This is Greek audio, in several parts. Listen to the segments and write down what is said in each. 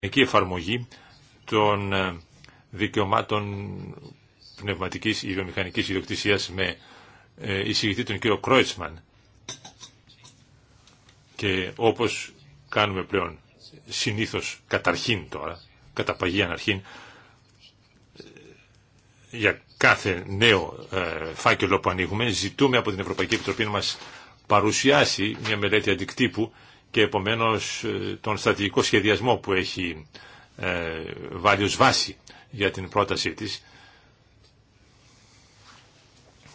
εκεί εφαρμογή των ε, δικαιωμάτων πνευματικής ή βιομηχανικής ιδιοκτησίας με ε, εισηγητή τον κύριο Κρόιτσμαν και όπως κάνουμε πλέον συνήθως καταρχήν τώρα, κατά παγία αναρχήν, ε, για κάθε νέο φάκελο που ανοίγουμε ζητούμε από την Ευρωπαϊκή Επιτροπή να μας παρουσιάσει μια μελέτη αντικτύπου και επομένως ε, τον στρατηγικό σχεδιασμό που έχει ε, βάλει ως βάση για την πρότασή της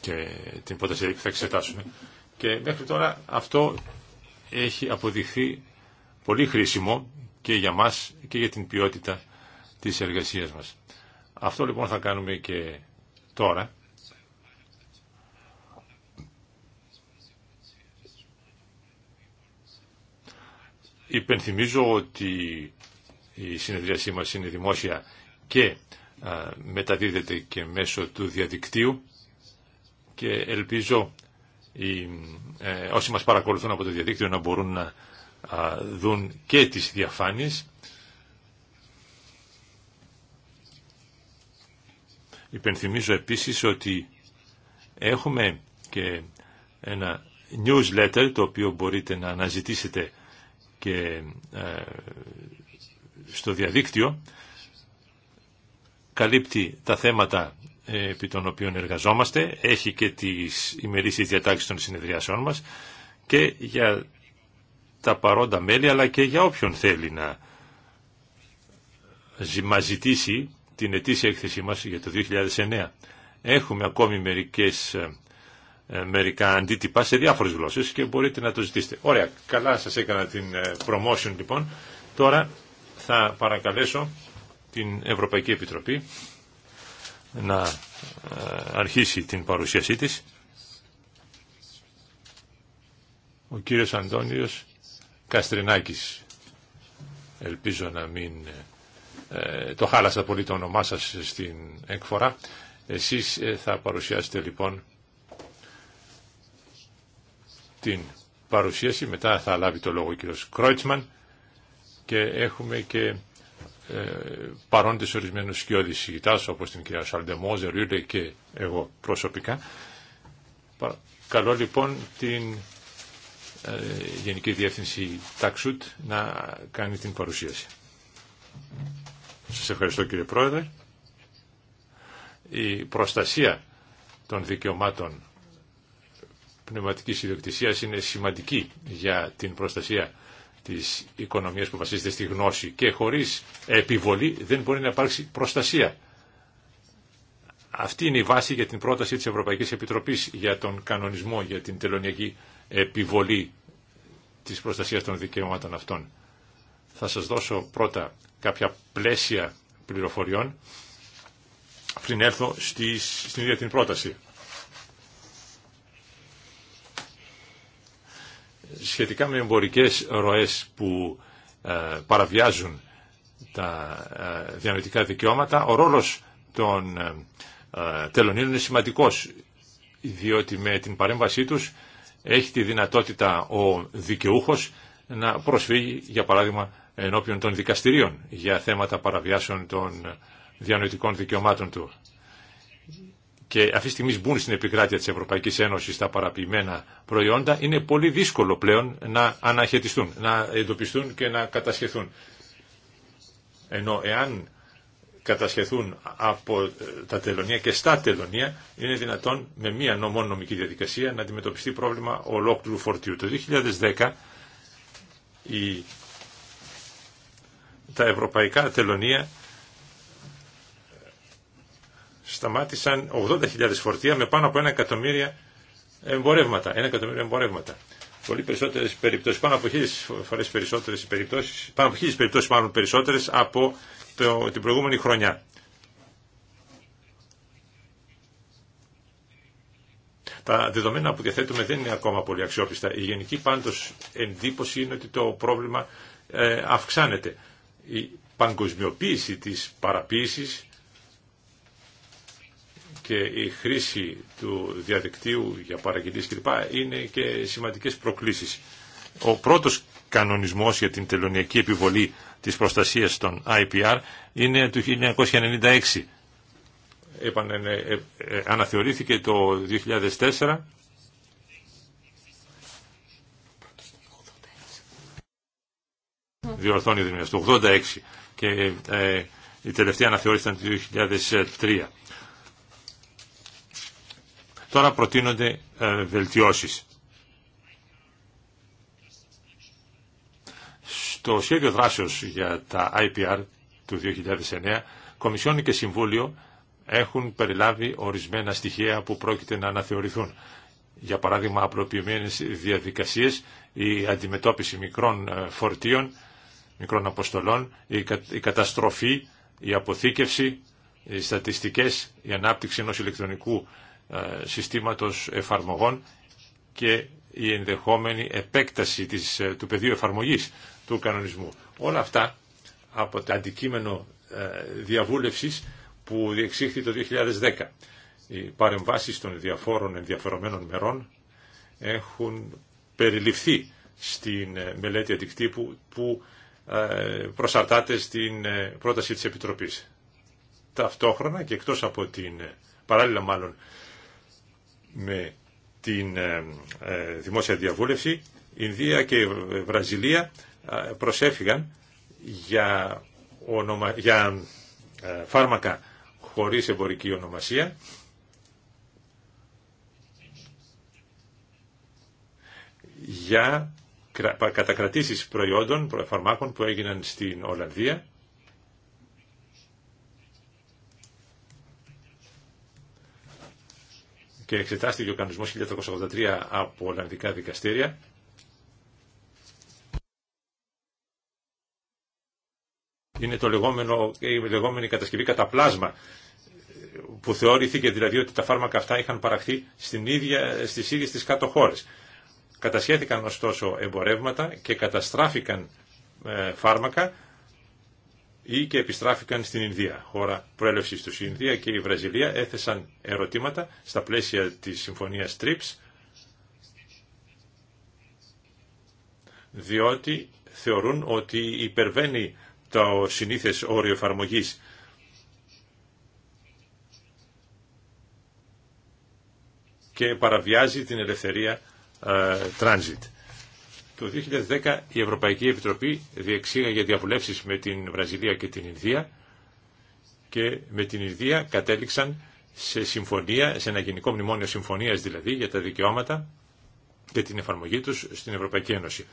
και την πρόταση που θα εξετάσουμε. Και μέχρι τώρα αυτό έχει αποδειχθεί πολύ χρήσιμο και για μας και για την ποιότητα της εργασίας μας. Αυτό λοιπόν θα κάνουμε και τώρα Υπενθυμίζω ότι η συνεδρίασή μας είναι δημόσια και μεταδίδεται και μέσω του διαδικτύου και ελπίζω οι, ε, όσοι μας παρακολουθούν από το διαδίκτυο να μπορούν να δουν και τις διαφάνειες. Υπενθυμίζω επίσης ότι έχουμε και ένα newsletter το οποίο μπορείτε να αναζητήσετε και ε, στο διαδίκτυο καλύπτει τα θέματα ε, επί των οποίων εργαζόμαστε, έχει και τις ημερήσεις διατάξεις των συνεδριασών μας και για τα παρόντα μέλη αλλά και για όποιον θέλει να μα ζητήσει την ετήσια έκθεσή μας για το 2009. Έχουμε ακόμη μερικές ε, ε, μερικά αντίτυπα σε διάφορες γλώσσες και μπορείτε να το ζητήσετε. Ωραία, καλά σας έκανα την ε, promotion λοιπόν. Τώρα θα παρακαλέσω την Ευρωπαϊκή Επιτροπή να ε, αρχίσει την παρουσίασή της. Ο κύριος Αντώνιος Καστρινάκης. Ελπίζω να μην το χάλασα πολύ το όνομά σας στην έκφορα. Εσείς θα παρουσιάσετε λοιπόν την παρουσίαση, μετά θα λάβει το λόγο ο κύριος Κρόιτσμαν και έχουμε και ε, παρόντες ορισμένους σκιώδης συγητάς όπως την κυρία Σαλντεμόζε, Ρούλε και εγώ προσωπικά. Καλό λοιπόν την ε, Γενική Διεύθυνση Ταξούτ να κάνει την παρουσίαση. Σας ευχαριστώ κύριε Πρόεδρε. Η προστασία των δικαιωμάτων πνευματικής ιδιοκτησίας είναι σημαντική για την προστασία της οικονομίας που βασίζεται στη γνώση και χωρίς επιβολή δεν μπορεί να υπάρξει προστασία. Αυτή είναι η βάση για την πρόταση της Ευρωπαϊκής Επιτροπής για τον κανονισμό για την τελωνιακή επιβολή της προστασίας των δικαιωμάτων αυτών. Θα σας δώσω πρώτα κάποια πλαίσια πληροφοριών πριν έρθω στην ίδια την πρόταση. σχετικά με εμπορικές ροές που ε, παραβιάζουν τα ε, διανοητικά δικαιώματα, ο ρόλος των ε, τελωνίων είναι σημαντικός, διότι με την παρέμβασή τους έχει τη δυνατότητα ο δικαιούχος να προσφύγει, για παράδειγμα, ενώπιον των δικαστηρίων για θέματα παραβιάσεων των διανοητικών δικαιωμάτων του και αυτή τη στιγμή μπουν στην επικράτεια της Ευρωπαϊκής Ένωσης τα παραποιημένα προϊόντα, είναι πολύ δύσκολο πλέον να αναχαιτιστούν, να εντοπιστούν και να κατασχεθούν. Ενώ εάν κατασχεθούν από ε, τα τελωνία και στα τελωνία, είναι δυνατόν με μία νομόνομική νομική διαδικασία να αντιμετωπιστεί πρόβλημα ολόκληρου φορτίου. Το 2010 η... τα ευρωπαϊκά τελωνία σταμάτησαν 80.000 φορτία με πάνω από ένα εκατομμύρια εμπορεύματα. Ένα εκατομμύριο εμπορεύματα. Πολύ περισσότερε περιπτώσει, πάνω από χίλιε φορέ περισσότερε περιπτώσει, πάνω από χίλιε περιπτώσει μάλλον περισσότερε από το, την προηγούμενη χρονιά. Τα δεδομένα που διαθέτουμε δεν είναι ακόμα πολύ αξιόπιστα. Η γενική πάντως εντύπωση είναι ότι το πρόβλημα ε, αυξάνεται. Η παγκοσμιοποίηση τη παραποίηση και η χρήση του διαδικτύου για παραγγελίες κλπ. είναι και σημαντικές προκλήσεις. Ο πρώτος κανονισμός για την τελωνιακή επιβολή της προστασίας των IPR είναι του 1996. Ε, ε, ε, αναθεωρήθηκε το 2004 διορθώνει δημιουργία το 86 και η τελευταία αναθεώρηση ήταν το 2003. Τώρα προτείνονται ε, βελτιώσεις. Στο σχέδιο δράσεως για τα IPR του 2009, Κομισιόν και Συμβούλιο έχουν περιλάβει ορισμένα στοιχεία που πρόκειται να αναθεωρηθούν. Για παράδειγμα, απλοποιημένες διαδικασίες, η αντιμετώπιση μικρών ε, φορτίων, μικρών αποστολών, η καταστροφή, η αποθήκευση, οι στατιστικές, η ανάπτυξη ενός ηλεκτρονικού ε, συστήματος εφαρμογών και η ενδεχόμενη επέκταση της, ε, του πεδίου εφαρμογής του κανονισμού. Όλα αυτά από το αντικείμενο ε, διαβούλευσης που διεξήχθη το 2010. Οι παρεμβάσεις των διαφόρων ενδιαφερομένων μερών έχουν περιληφθεί στην μελέτη αντικτύπου που προσαρτάται στην πρόταση της Επιτροπής. Ταυτόχρονα και εκτός από την, παράλληλα μάλλον με την ε, ε, δημόσια διαβούλευση, Ινδία και Βραζιλία ε, προσέφυγαν για, ονομα... για φάρμακα χωρίς εμπορική ονομασία για κατακρατήσεις προϊόντων, φαρμάκων που έγιναν στην Ολλανδία και εξετάστηκε ο κανονισμός 1383 από Ολλανδικά δικαστήρια. Είναι το λεγόμενο, η λεγόμενη κατασκευή κατά πλάσμα που θεωρήθηκε δηλαδή ότι τα φάρμακα αυτά είχαν παραχθεί στην ίδια, στις ίδιες τις κάτω Κατασχέθηκαν ωστόσο εμπορεύματα και καταστράφηκαν ε, φάρμακα ή και επιστράφηκαν στην Ινδία, χώρα προέλευσης του Ινδία και η Βραζιλία έθεσαν ερωτήματα στα πλαίσια της συμφωνίας TRIPS, διότι θεωρούν ότι υπερβαίνει το συνήθες όριο εφαρμογής και παραβιάζει την ελευθερία ε, transit. Το 2010 η Ευρωπαϊκή Επιτροπή διεξήγαγε διαβουλεύσεις με την Βραζιλία και την Ινδία και με την Ινδία κατέληξαν σε συμφωνία, σε ένα γενικό μνημόνιο συμφωνίας δηλαδή για τα δικαιώματα και την εφαρμογή τους στην Ευρωπαϊκή Ένωση.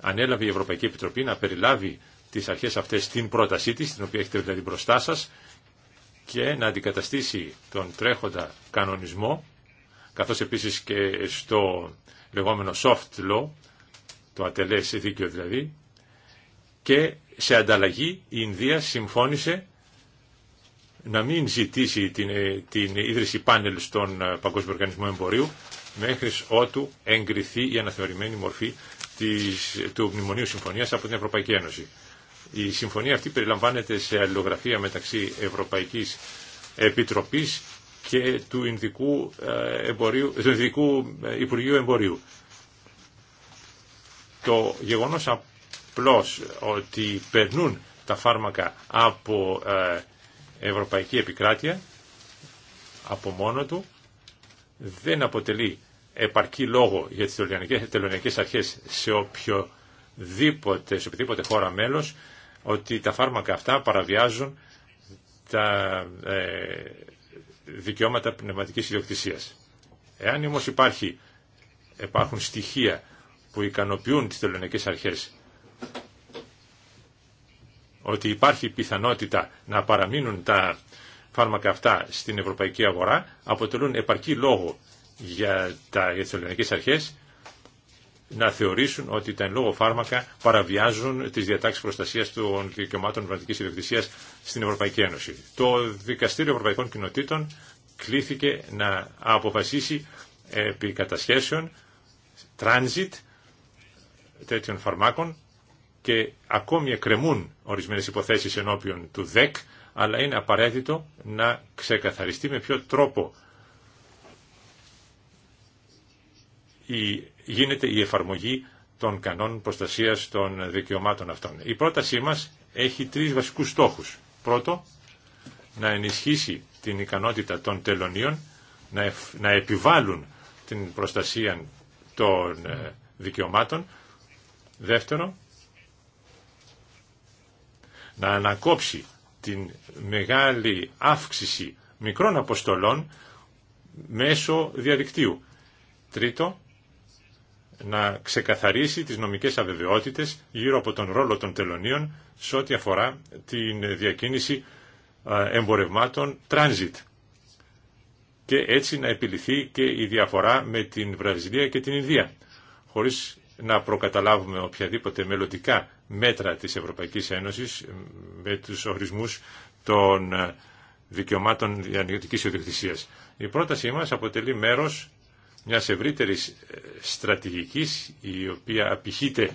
Ανέλαβε η Ευρωπαϊκή Επιτροπή να περιλάβει τις αρχές αυτές στην πρότασή της, την οποία έχετε δηλαδή μπροστά σας, και να αντικαταστήσει τον τρέχοντα κανονισμό, καθώς επίσης και στο λεγόμενο soft law, το ατελές δίκαιο δηλαδή, και σε ανταλλαγή η Ινδία συμφώνησε να μην ζητήσει την, ε, την ίδρυση πάνελ στον ε, Παγκόσμιο Οργανισμό Εμπορίου μέχρι ότου εγκριθεί η αναθεωρημένη μορφή της, του Μνημονίου Συμφωνίας από την Ευρωπαϊκή Ένωση. Η συμφωνία αυτή περιλαμβάνεται σε αλληλογραφία μεταξύ Ευρωπαϊκής Επιτροπής και του Ινδικού, ε, εμπορίου, του Ινδικού Υπουργείου Εμπορίου το γεγονός απλώς ότι περνούν τα φάρμακα από ε, ευρωπαϊκή επικράτεια από μόνο του δεν αποτελεί επαρκή λόγο για τις τελωνιακές αρχές σε οποιοδήποτε, σε οποιοδήποτε χώρα μέλος ότι τα φάρμακα αυτά παραβιάζουν τα ε, δικαιώματα πνευματικής ιδιοκτησίας. Εάν όμως υπάρχει, υπάρχουν στοιχεία που ικανοποιούν τις τελωνικές αρχές ότι υπάρχει πιθανότητα να παραμείνουν τα φάρμακα αυτά στην ευρωπαϊκή αγορά αποτελούν επαρκή λόγο για, τα, για τις ελληνικές αρχές να θεωρήσουν ότι τα εν λόγω φάρμακα παραβιάζουν τις διατάξεις προστασίας των δικαιωμάτων πνευματικής ιδιοκτησίας στην Ευρωπαϊκή Ένωση. Το Δικαστήριο Ευρωπαϊκών Κοινοτήτων κλήθηκε να αποφασίσει επί κατασχέσεων τέτοιων φαρμάκων και ακόμη εκκρεμούν ορισμένες υποθέσεις ενώπιον του ΔΕΚ, αλλά είναι απαραίτητο να ξεκαθαριστεί με ποιο τρόπο η, γίνεται η εφαρμογή των κανόνων προστασίας των δικαιωμάτων αυτών. Η πρότασή μας έχει τρεις βασικούς στόχους. Πρώτο, να ενισχύσει την ικανότητα των τελωνίων να, επιβάλλουν την προστασία των ε, δικαιωμάτων Δεύτερο, να ανακόψει την μεγάλη αύξηση μικρών αποστολών μέσω διαδικτύου. Τρίτο, να ξεκαθαρίσει τις νομικές αβεβαιότητες γύρω από τον ρόλο των τελωνίων σε ό,τι αφορά την διακίνηση εμπορευμάτων transit και έτσι να επιληθεί και η διαφορά με την Βραζιλία και την Ινδία χωρίς να προκαταλάβουμε οποιαδήποτε μελλοντικά μέτρα της Ευρωπαϊκής Ένωσης με τους ορισμούς των ε, δικαιωμάτων διανοητικής ιδιοκτησίας. Η πρότασή μας αποτελεί μέρος μιας ευρύτερης ε, στρατηγικής η οποία απηχείται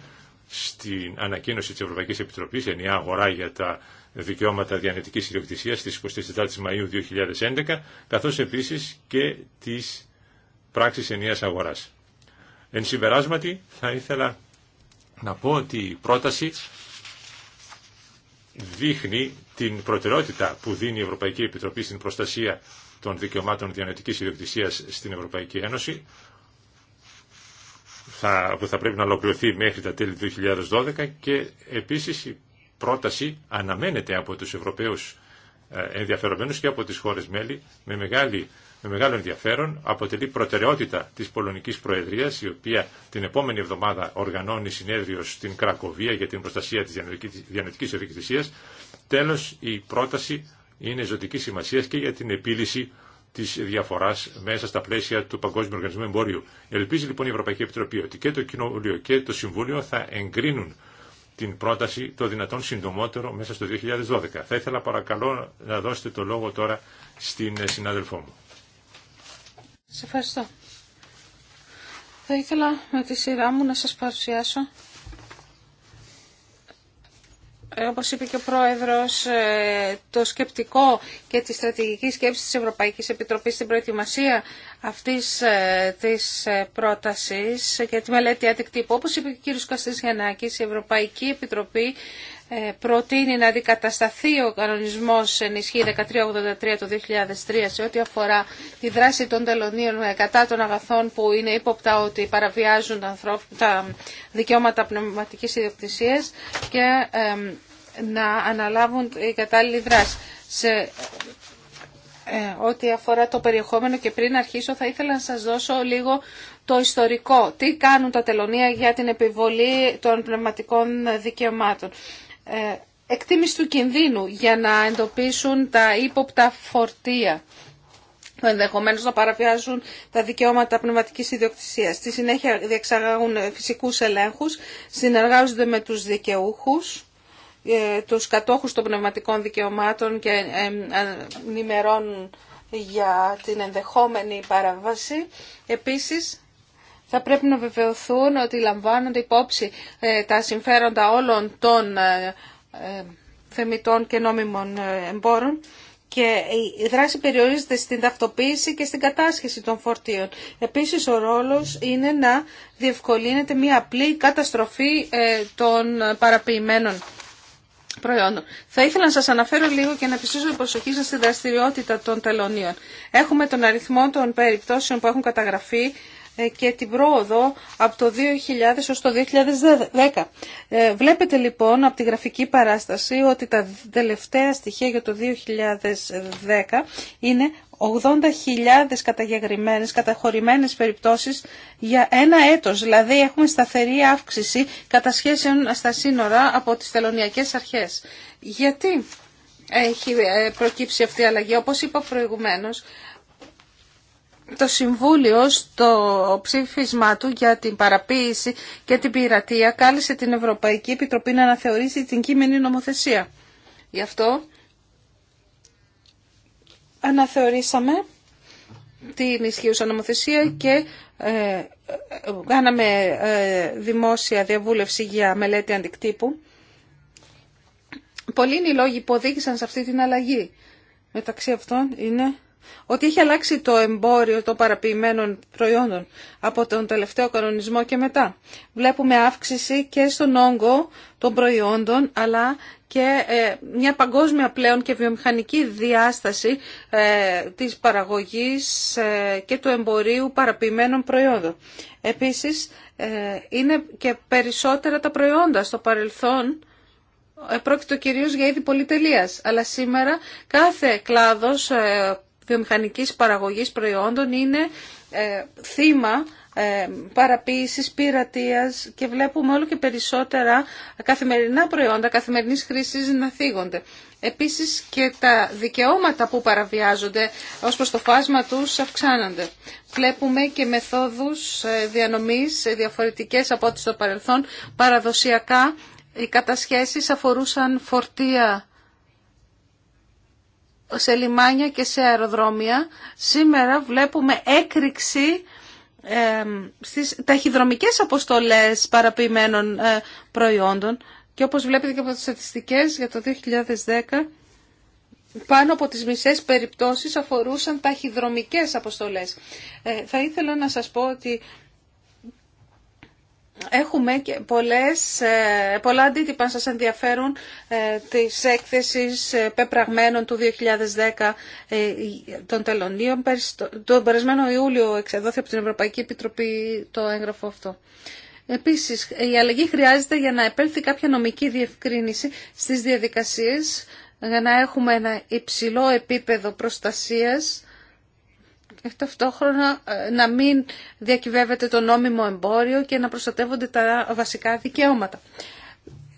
στην ανακοίνωση της Ευρωπαϊκής Επιτροπής ενιαία αγορά για τα δικαιώματα διανοητικής ιδιοκτησίας στις 24 Μαΐου 2011 καθώς επίσης και της πράξης ενιαίας αγοράς. Εν συμπεράσματι θα ήθελα να πω ότι η πρόταση δείχνει την προτεραιότητα που δίνει η Ευρωπαϊκή Επιτροπή στην προστασία των δικαιωμάτων διανοητικής ιδιοκτησίας στην Ευρωπαϊκή Ένωση που θα πρέπει να ολοκληρωθεί μέχρι τα τέλη του 2012 και επίσης η πρόταση αναμένεται από τους Ευρωπαίους ε, ενδιαφερομένους και από τις χώρες μέλη με, μεγάλη, με μεγάλο ενδιαφέρον. Αποτελεί προτεραιότητα της Πολωνικής Προεδρίας, η οποία την επόμενη εβδομάδα οργανώνει συνέδριο στην Κρακοβία για την προστασία της διανοητικής ευεκτησίας. Τέλος, η πρόταση είναι ζωτική σημασία και για την επίλυση τη διαφορά μέσα στα πλαίσια του Παγκόσμιου Οργανισμού Εμπόριου. Ελπίζει λοιπόν η Ευρωπαϊκή Επιτροπή ότι και το Κοινοβούλιο και το Συμβούλιο θα εγκρίνουν την πρόταση το δυνατόν συντομότερο μέσα στο 2012. Θα ήθελα παρακαλώ να δώσετε το λόγο τώρα στην ε, συνάδελφό μου. Σε ευχαριστώ. Θα ήθελα με τη σειρά μου να σας παρουσιάσω ε, όπως είπε και ο Πρόεδρος, ε, το σκεπτικό και τη στρατηγική σκέψη της Ευρωπαϊκής Επιτροπής στην προετοιμασία αυτής ε, της πρότασης και τη μελέτη αντικτύπου. Όπως είπε και ο κ. Καστής η Ευρωπαϊκή Επιτροπή ε, προτείνει να αντικατασταθεί ο κανονισμός ενισχύ 1383 το 2003 σε ό,τι αφορά τη δράση των τελωνίων ε, κατά των αγαθών που είναι ύποπτα ότι παραβιάζουν τα δικαιώματα πνευματικής ιδιοκτησίας και να αναλάβουν η κατάλληλη δράση. Σε ε, ό,τι αφορά το περιεχόμενο και πριν αρχίσω θα ήθελα να σας δώσω λίγο το ιστορικό. Τι κάνουν τα τελωνία για την επιβολή των πνευματικών δικαιωμάτων. Ε, εκτίμηση του κινδύνου για να εντοπίσουν τα ύποπτα φορτία που ενδεχομένω να παραβιάζουν τα δικαιώματα πνευματικής ιδιοκτησίας. Στη συνέχεια διεξαγάγουν φυσικούς ελέγχους, συνεργάζονται με τους δικαιούχους, ε, τους κατόχους των πνευματικών δικαιωμάτων και ε, ενημερώνουν για την ενδεχόμενη παραβάση. Επίσης, θα πρέπει να βεβαιωθούν ότι λαμβάνονται υπόψη ε, τα συμφέροντα όλων των ε, ε, θεμητών και νόμιμων εμπόρων και η δράση περιορίζεται στην ταυτοποίηση και στην κατάσχεση των φορτίων. Επίσης ο ρόλος είναι να διευκολύνεται μια απλή καταστροφή των παραποιημένων προϊόντων. Θα ήθελα να σας αναφέρω λίγο και να επιστήσω την προσοχή σας στη δραστηριότητα των τελωνίων. Έχουμε τον αριθμό των περιπτώσεων που έχουν καταγραφεί ε, και την πρόοδο από το 2000 ως το 2010. Ε, βλέπετε λοιπόν από τη γραφική παράσταση ότι τα τελευταία στοιχεία για το 2010 είναι 80.000 καταγεγραμμένες, καταχωρημένες περιπτώσεις για ένα έτος. Δηλαδή έχουμε σταθερή αύξηση κατά σχέση στα σύνορα από τις τελωνιακές αρχές. Γιατί έχει ε, προκύψει αυτή η αλλαγή. Όπως είπα προηγουμένως, το Συμβούλιο στο ψήφισμά του για την παραποίηση και την πειρατεία κάλεσε την Ευρωπαϊκή Επιτροπή να αναθεωρήσει την κείμενη νομοθεσία. Γι' αυτό αναθεωρήσαμε την ισχύουσα νομοθεσία και ε, κάναμε ε, δημόσια διαβούλευση για μελέτη αντικτύπου. Πολλοί είναι οι λόγοι που οδήγησαν σε αυτή την αλλαγή. Μεταξύ αυτών είναι ότι έχει αλλάξει το εμπόριο των παραποιημένων προϊόντων από τον τελευταίο κανονισμό και μετά. Βλέπουμε αύξηση και στον όγκο των προϊόντων, αλλά και ε, μια παγκόσμια πλέον και βιομηχανική διάσταση ε, της παραγωγής ε, και του εμπορίου παραποιημένων προϊόντων. Επίσης, είναι και περισσότερα τα προϊόντα στο παρελθόν, πρόκειται κυρίως για είδη πολυτελείας, αλλά σήμερα κάθε κλάδος βιομηχανικής παραγωγής προϊόντων είναι ε, θύμα ε, παραποίησης, πειρατείας και βλέπουμε όλο και περισσότερα καθημερινά προϊόντα καθημερινής χρήσης να θίγονται. Επίσης και τα δικαιώματα που παραβιάζονται ως προς το φάσμα τους αυξάνονται. Βλέπουμε και μεθόδους ε, διανομής διαφορετικές από ό,τι στο παρελθόν παραδοσιακά οι κατασχέσεις αφορούσαν φορτία σε λιμάνια και σε αεροδρόμια. Σήμερα βλέπουμε έκρηξη ε, στις ταχυδρομικές αποστολές παραποιημένων ε, προϊόντων και όπως βλέπετε και από τις στατιστικές για το 2010 πάνω από τις μισές περιπτώσεις αφορούσαν ταχυδρομικές αποστολές. Ε, θα ήθελα να σας πω ότι Έχουμε και πολλές, ε, πολλά αντίτυπα, σας ενδιαφέρουν, ε, της έκθεσης ε, πεπραγμένων του 2010 των τελωνίων. Το περασμένο Ιούλιο εξεδόθη από την Ευρωπαϊκή Επιτροπή το έγγραφο αυτό. Επίσης, η αλλαγή χρειάζεται για να επέλθει κάποια νομική διευκρίνηση στις διαδικασίες, για να έχουμε ένα υψηλό επίπεδο προστασίας ε, ταυτόχρονα ε, να μην διακυβεύεται το νόμιμο εμπόριο και να προστατεύονται τα βασικά δικαιώματα.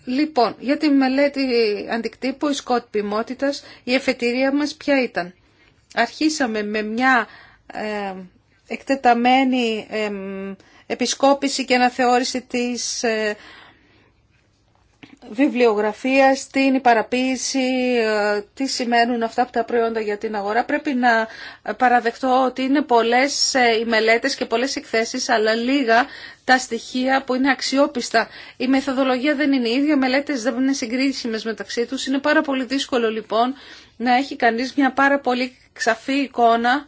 Λοιπόν, για τη μελέτη αντικτύπου η σκότ ποιμότητας, η εφετηρία μας ποια ήταν. Αρχίσαμε με μια εκτεταμένη επισκόπηση και αναθεώρηση της ε, βιβλιογραφία, στην παραποίηση, ε, τι σημαίνουν αυτά από τα προϊόντα για την αγορά. Πρέπει να παραδεχτώ ότι είναι πολλές ε, οι μελέτες και πολλές εκθέσεις, αλλά λίγα τα στοιχεία που είναι αξιόπιστα. Η μεθοδολογία δεν είναι η ίδια, οι μελέτες δεν είναι συγκρίσιμες μεταξύ τους. Είναι πάρα πολύ δύσκολο λοιπόν να έχει κανείς μια πάρα πολύ ξαφή εικόνα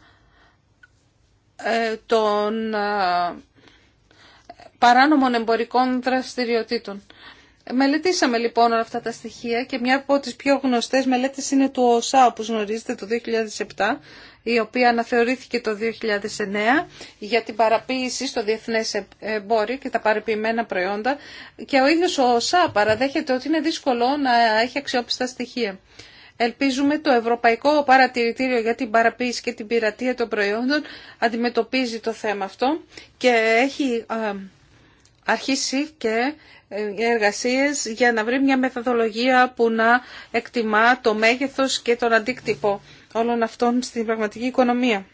ε, των παράνομων εμπορικών δραστηριοτήτων. Μελετήσαμε λοιπόν όλα αυτά τα στοιχεία και μια από τις πιο γνωστές μελέτες είναι του ΟΣΑ, όπως γνωρίζετε, το 2007, η οποία αναθεωρήθηκε το 2009 για την παραποίηση στο διεθνές εμπόριο και τα παρεποιημένα προϊόντα και ο ίδιος ο ΟΣΑ παραδέχεται ότι είναι δύσκολο να έχει αξιόπιστα στοιχεία. Ελπίζουμε το Ευρωπαϊκό Παρατηρητήριο για την Παραποίηση και την Πειρατεία των Προϊόντων αντιμετωπίζει το θέμα αυτό και έχει αρχίσει και ε, εργασίες για να βρει μια μεθοδολογία που να εκτιμά το μέγεθος και τον αντίκτυπο όλων αυτών στην πραγματική οικονομία.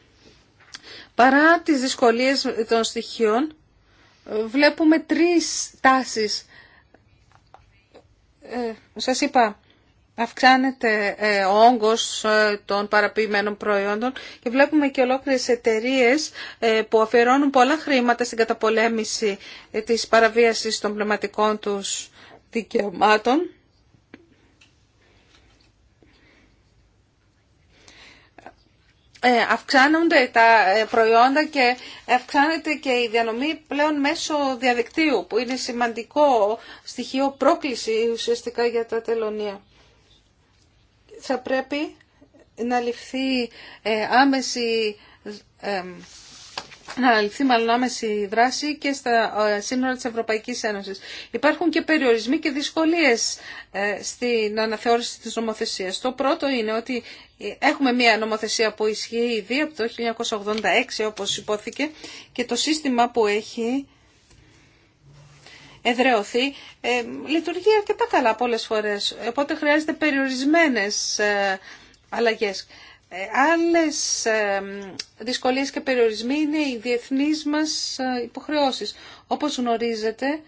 Παρά τις δυσκολίες των στοιχείων, βλέπουμε τρεις τάσεις. Ε, σας είπα, Αυξάνεται ε, ο όγκος ε, των παραποιημένων προϊόντων και βλέπουμε και ολόκληρες εταιρείες ε, που αφιερώνουν πολλά χρήματα στην καταπολέμηση της παραβίασης των πνευματικών τους δικαιωμάτων. αυξάνονται τα προϊόντα και αυξάνεται και η διανομή πλέον μέσω διαδικτύου που είναι σημαντικό στοιχείο πρόκληση ουσιαστικά για τα τελωνία θα πρέπει να ληφθεί ε, άμεση ε, να ληφθεί μάλλον άμεση δράση και στα ε, σύνορα της Ευρωπαϊκής Ένωσης. Υπάρχουν και περιορισμοί και δυσκολίες στην αναθεώρηση της νομοθεσίας. Το πρώτο είναι ότι έχουμε μια νομοθεσία που ισχύει ήδη από το 1986 όπως υπόθηκε και το σύστημα που έχει εδραιωθεί, ε, λειτουργεί αρκετά καλά πολλές φορές. Οπότε χρειάζεται περιορισμένες ε, αλλαγές. Ε, άλλες δυσκολίες και περιορισμοί είναι οι διεθνείς μας υποχρεώσεις. Όπως γνωρίζετε,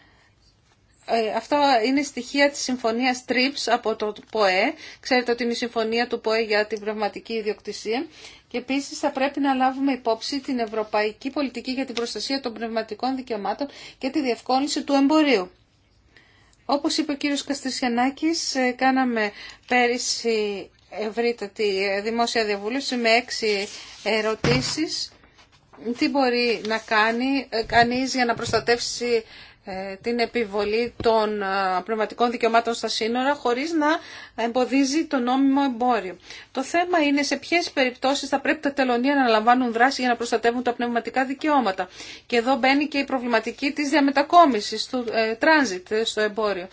αυτό είναι στοιχεία της συμφωνίας TRIPS από το ΠΟΕ. Ξέρετε ότι είναι η συμφωνία του ΠΟΕ για την πνευματική ιδιοκτησία και επίση θα πρέπει να λάβουμε υπόψη την ευρωπαϊκή πολιτική για την προστασία των πνευματικών δικαιωμάτων και τη διευκόλυνση του εμπορίου. Όπως είπε ο κύριος Καστρισιανάκης, ε, κάναμε πέρυσι ευρύτατη ε, δημόσια διαβούλευση με έξι ερωτήσεις. Τι μπορεί να κάνει ε, κανείς για να προστατεύσει ε, την επιβολή των ε, πνευματικών δικαιωμάτων στα σύνορα χωρίς να εμποδίζει το νόμιμο εμπόριο. Το θέμα είναι σε ποιες περιπτώσεις θα πρέπει τα τελωνία να λαμβάνουν δράση για να προστατεύουν τα πνευματικά δικαιώματα. Και εδώ μπαίνει και η προβληματική της διαμετακόμισης του ε, στο εμπόριο.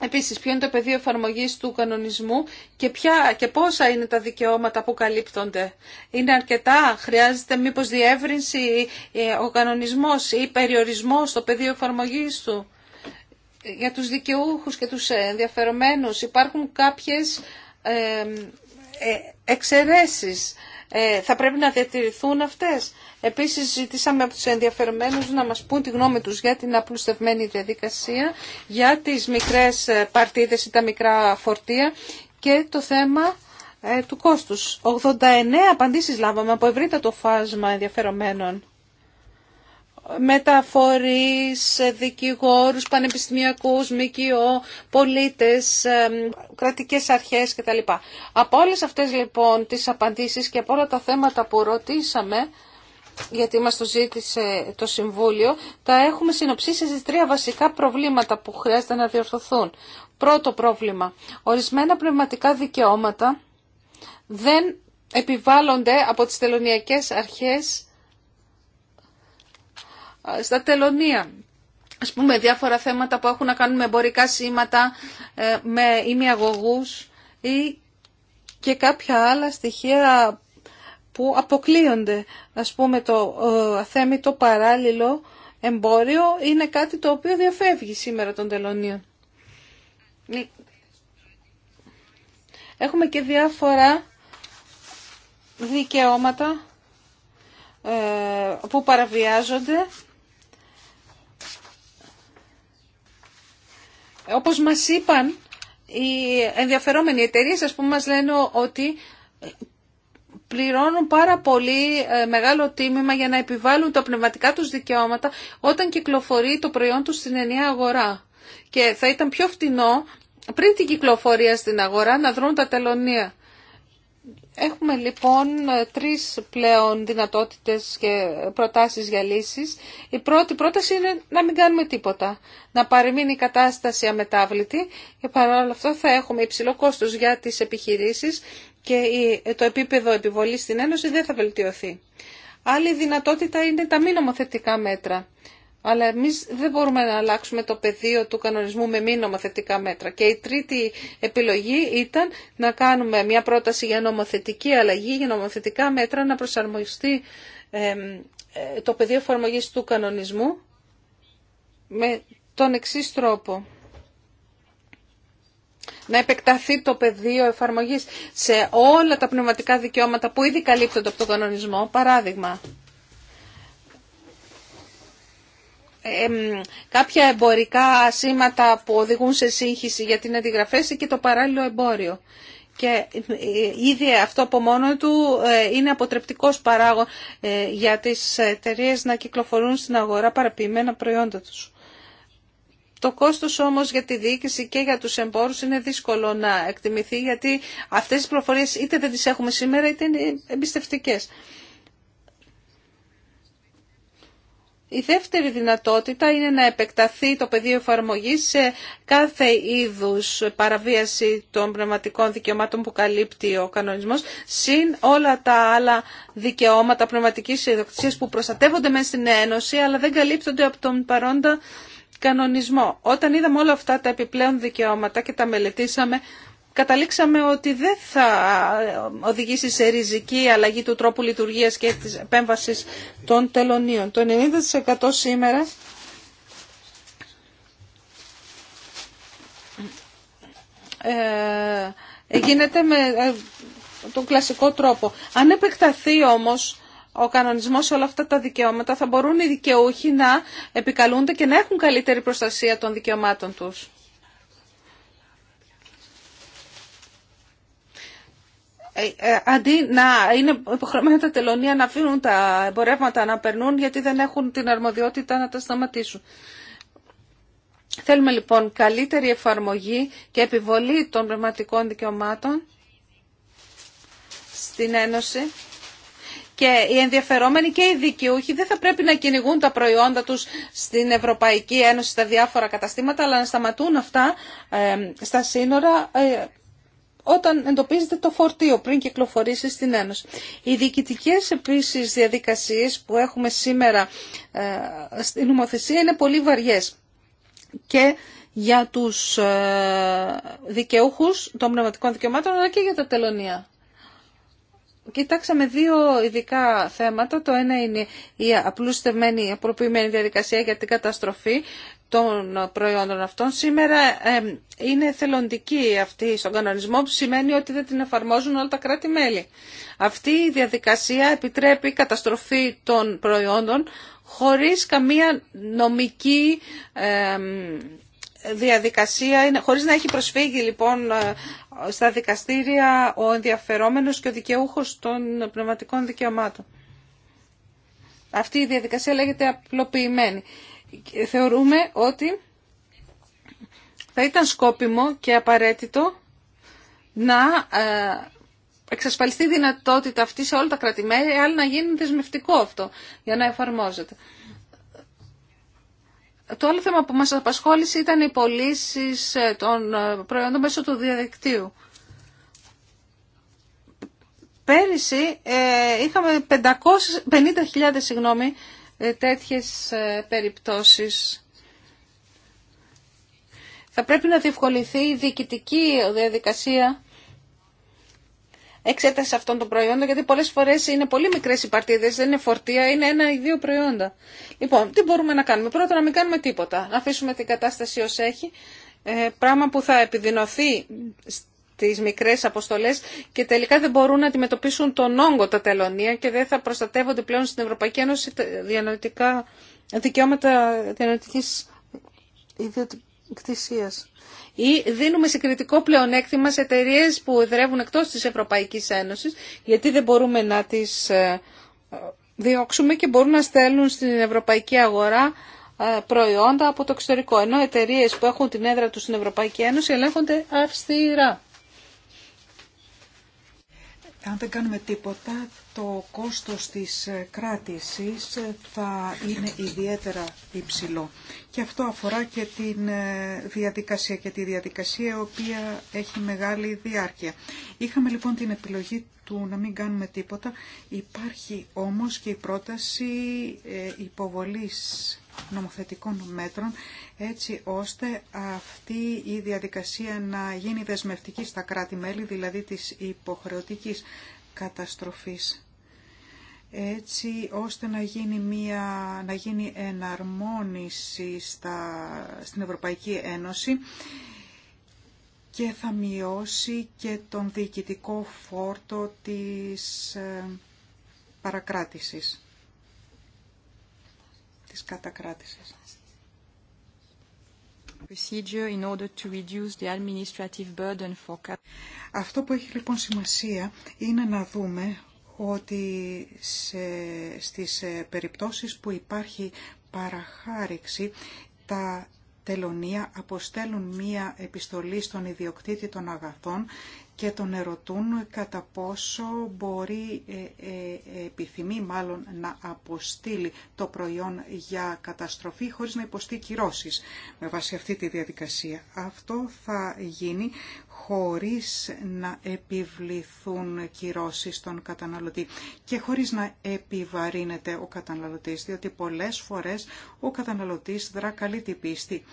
Επίσης, ποιο είναι το πεδίο εφαρμογής του κανονισμού και, ποια, και πόσα είναι τα δικαιώματα που καλύπτονται. Είναι αρκετά, χρειάζεται μήπως διεύρυνση ε, ο κανονισμός ή περιορισμός στο πεδίο εφαρμογής του. Για τους δικαιούχους και τους ενδιαφερομένους υπάρχουν κάποιες ε, ε ε, θα πρέπει να διατηρηθούν αυτές. Επίσης ζητήσαμε από τους ενδιαφερμένους να μας πούν τη γνώμη τους για την απλουστευμένη διαδικασία, για τις μικρές ε, παρτίδες ή τα μικρά φορτία και το θέμα ε, του κόστους. 89 απαντήσεις λάβαμε από ευρύτατο φάσμα ενδιαφερομένων μεταφορείς, δικηγόρους, πανεπιστημιακούς, ΜΚΟ, πολίτες, κρατικές αρχές κτλ. Από όλες αυτές λοιπόν τις απαντήσεις και από όλα τα θέματα που ρωτήσαμε, γιατί μας το ζήτησε το Συμβούλιο, τα έχουμε συνοψίσει στις τρία βασικά προβλήματα που χρειάζεται να διορθωθούν. Πρώτο πρόβλημα. Ορισμένα πνευματικά δικαιώματα δεν επιβάλλονται από τις τελωνιακές αρχές στα τελωνία. Ας πούμε διάφορα θέματα που έχουν να κάνουν με εμπορικά σήματα, ε, με ημιαγωγούς ή και κάποια άλλα στοιχεία που αποκλείονται. Ας πούμε το ε, αθέμητο παράλληλο εμπόριο είναι κάτι το οποίο διαφεύγει σήμερα των τελωνίων. Ε, έχουμε και διάφορα δικαιώματα που παραβιάζονται Όπως μας είπαν οι ενδιαφερόμενοι εταιρείε, ας πούμε, μας λένε ότι πληρώνουν πάρα πολύ ε, μεγάλο τίμημα για να επιβάλλουν τα πνευματικά τους δικαιώματα όταν κυκλοφορεί το προϊόν τους στην ενιαία αγορά. Και θα ήταν πιο φτηνό πριν την κυκλοφορία στην αγορά να δρουν τα τελωνία. Έχουμε λοιπόν τρεις πλέον δυνατότητες και προτάσεις για λύσεις. Η πρώτη πρόταση είναι να μην κάνουμε τίποτα, να παραμείνει η κατάσταση αμετάβλητη και παρόλο αυτό θα έχουμε υψηλό κόστος για τις επιχειρήσεις και το επίπεδο επιβολής στην Ένωση δεν θα βελτιωθεί. Άλλη δυνατότητα είναι τα μη νομοθετικά μέτρα αλλά εμεί δεν μπορούμε να αλλάξουμε το πεδίο του κανονισμού με μη νομοθετικά μέτρα. Και η τρίτη επιλογή ήταν να κάνουμε μια πρόταση για νομοθετική αλλαγή, για νομοθετικά μέτρα να προσαρμοστεί ε, το πεδίο εφαρμογή του κανονισμού με τον εξή τρόπο. Να επεκταθεί το πεδίο εφαρμογής σε όλα τα πνευματικά δικαιώματα που ήδη καλύπτονται από τον κανονισμό. Παράδειγμα, κάποια εμπορικά σήματα που οδηγούν σε σύγχυση για την αντιγραφέση και το παράλληλο εμπόριο. Και ε, ήδη αυτό από μόνο του ε, είναι αποτρεπτικός παράγον ε, για τις εταιρείε να κυκλοφορούν στην αγορά παραποιημένα προϊόντα τους. Το κόστος όμως για τη διοίκηση και για τους εμπόρους είναι δύσκολο να εκτιμηθεί γιατί αυτές τις προφορίες είτε δεν τις έχουμε σήμερα είτε είναι εμπιστευτικές. Η δεύτερη δυνατότητα είναι να επεκταθεί το πεδίο εφαρμογή σε κάθε είδους παραβίαση των πνευματικών δικαιωμάτων που καλύπτει ο κανονισμός, συν όλα τα άλλα δικαιώματα πνευματικής ιδιοκτησίας που προστατεύονται μέσα στην Ένωση, αλλά δεν καλύπτονται από τον παρόντα κανονισμό. Όταν είδαμε όλα αυτά τα επιπλέον δικαιώματα και τα μελετήσαμε, καταλήξαμε ότι δεν θα οδηγήσει σε ριζική αλλαγή του τρόπου λειτουργίας και της επέμβασης των τελωνίων. Το 90% σήμερα ε, γίνεται με ε, τον κλασικό τρόπο. Αν επεκταθεί όμως ο κανονισμός σε όλα αυτά τα δικαιώματα θα μπορούν οι δικαιούχοι να επικαλούνται και να έχουν καλύτερη προστασία των δικαιωμάτων τους. Ε, ε, αντί να είναι υποχρεωμένα τα τελωνία να αφήνουν τα εμπορεύματα να περνούν γιατί δεν έχουν την αρμοδιότητα να τα σταματήσουν. Θέλουμε λοιπόν καλύτερη εφαρμογή και επιβολή των πνευματικών δικαιωμάτων στην Ένωση και οι ενδιαφερόμενοι και οι δικαιούχοι δεν θα πρέπει να κυνηγούν τα προϊόντα τους στην Ευρωπαϊκή Ένωση στα διάφορα καταστήματα αλλά να σταματούν αυτά ε, στα σύνορα όταν εντοπίζετε το φορτίο πριν κυκλοφορήσει στην Ένωση. Οι διοικητικέ επίση διαδικασίες που έχουμε σήμερα ε, στην νομοθεσία είναι πολύ βαριέ. και για τους ε, δικαιούχου των πνευματικών δικαιωμάτων αλλά και για τα τελωνία. Κοιτάξαμε δύο ειδικά θέματα. Το ένα είναι η απλούστευμένη, απλοποιημένη διαδικασία για την καταστροφή των προϊόντων αυτών. Σήμερα είναι θελοντική αυτή στον κανονισμό που σημαίνει ότι δεν την εφαρμόζουν όλα τα κράτη-μέλη. Αυτή η διαδικασία επιτρέπει καταστροφή των προϊόντων χωρίς καμία νομική διαδικασία, χωρίς να έχει προσφύγει λοιπόν ε, στα δικαστήρια ο ενδιαφερόμενος και ο δικαιούχος των πνευματικών δικαιωμάτων. Αυτή η διαδικασία λέγεται απλοποιημένη θεωρούμε ότι θα ήταν σκόπιμο και απαραίτητο να ε, εξασφαλιστεί η δυνατότητα αυτή σε όλα τα κρατημέρια, αλλά να γίνει δεσμευτικό αυτό για να εφαρμόζεται. Το άλλο θέμα που μας απασχόλησε ήταν οι πωλήσει ε, των ε, προϊόντων μέσω του διαδικτύου. Πέρυσι είχαμε 550.000 συγγνώμη, ε, τέτοιες ε, περιπτώσεις. Θα πρέπει να διευκολυνθεί η διοικητική διαδικασία εξέταση αυτών των προϊόντων, γιατί πολλές φορές είναι πολύ μικρές οι παρτίδες, δεν είναι φορτία, είναι ένα ή δύο προϊόντα. Λοιπόν, τι μπορούμε να κάνουμε. Πρώτα να μην κάνουμε τίποτα, να αφήσουμε την κατάσταση ως έχει, ε, πράγμα που θα επιδεινωθεί τις μικρές αποστολές και τελικά δεν μπορούν να αντιμετωπίσουν τον όγκο τα τελωνία και δεν θα προστατεύονται πλέον στην Ευρωπαϊκή Ένωση διανοητικά δικαιώματα διανοητικής ιδιοκτησίας. Ή δίνουμε συγκριτικό πλεονέκτημα σε εταιρείε που εδρεύουν εκτός της Ευρωπαϊκής Ένωσης γιατί δεν μπορούμε να τις ε, διώξουμε και μπορούν να στέλνουν στην ευρωπαϊκή αγορά ε, προϊόντα από το εξωτερικό. Ενώ εταιρείε που έχουν την έδρα του στην Ευρωπαϊκή Ένωση ελέγχονται αυστηρά. Αν δεν κάνουμε τίποτα, το κόστος της ε, κράτησης ε, θα είναι ιδιαίτερα υψηλό. Και αυτό αφορά και την ε, διαδικασία και τη διαδικασία η οποία έχει μεγάλη διάρκεια. Είχαμε λοιπόν την επιλογή του να μην κάνουμε τίποτα. Υπάρχει όμως και η πρόταση υποβολής νομοθετικών μέτρων έτσι ώστε αυτή η διαδικασία να γίνει δεσμευτική στα κράτη-μέλη, δηλαδή της υποχρεωτικής καταστροφής έτσι ώστε να γίνει, μια, να γίνει εναρμόνιση στα, στην Ευρωπαϊκή Ένωση και θα μειώσει και τον διοικητικό φόρτο της ε, παρακράτησης της κατακράτησης. In order to the administrative burden for... Αυτό που έχει λοιπόν σημασία είναι να δούμε ότι σε, στις ε, περιπτώσεις που υπάρχει παραχάριξη τα τελωνία αποστέλουν μία επιστολή στον ιδιοκτήτη των αγαθών και τον ερωτούν κατά πόσο μπορεί, ε, ε, επιθυμεί μάλλον να αποστείλει το προϊόν για καταστροφή χωρίς να υποστεί κυρώσεις με βάση αυτή τη διαδικασία. Αυτό θα γίνει χωρίς να επιβληθούν κυρώσεις στον καταναλωτή και χωρίς να επιβαρύνεται ο καταναλωτής, διότι πολλές φορές ο καταναλωτής δρά καλή την πίστη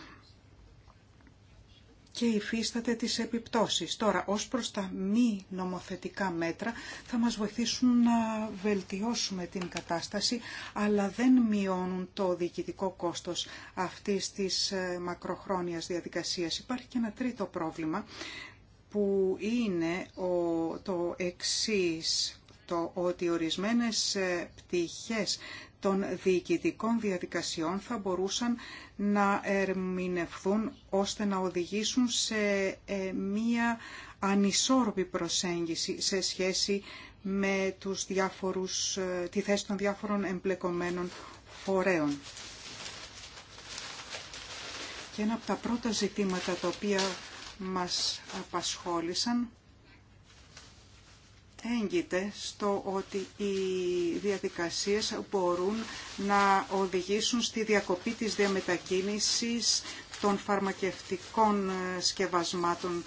και υφίσταται τις επιπτώσεις. Τώρα, ως προς τα μη νομοθετικά μέτρα θα μας βοηθήσουν να βελτιώσουμε την κατάσταση, αλλά δεν μειώνουν το διοικητικό κόστος αυτής της ε, μακροχρόνιας διαδικασίας. Υπάρχει και ένα τρίτο πρόβλημα που είναι το εξής το ότι ορισμένες ε, πτυχές των διοικητικών διαδικασιών θα μπορούσαν να ερμηνευθούν ώστε να οδηγήσουν σε ε, μία ανισόρροπη προσέγγιση σε σχέση με τους διάφορους, ε, τη θέση των διάφορων εμπλεκομένων φορέων. Και ένα από τα πρώτα ζητήματα τα οποία μας απασχόλησαν έγκυται στο ότι οι διαδικασίες μπορούν να οδηγήσουν στη διακοπή της διαμετακίνησης των φαρμακευτικών ε, σκευασμάτων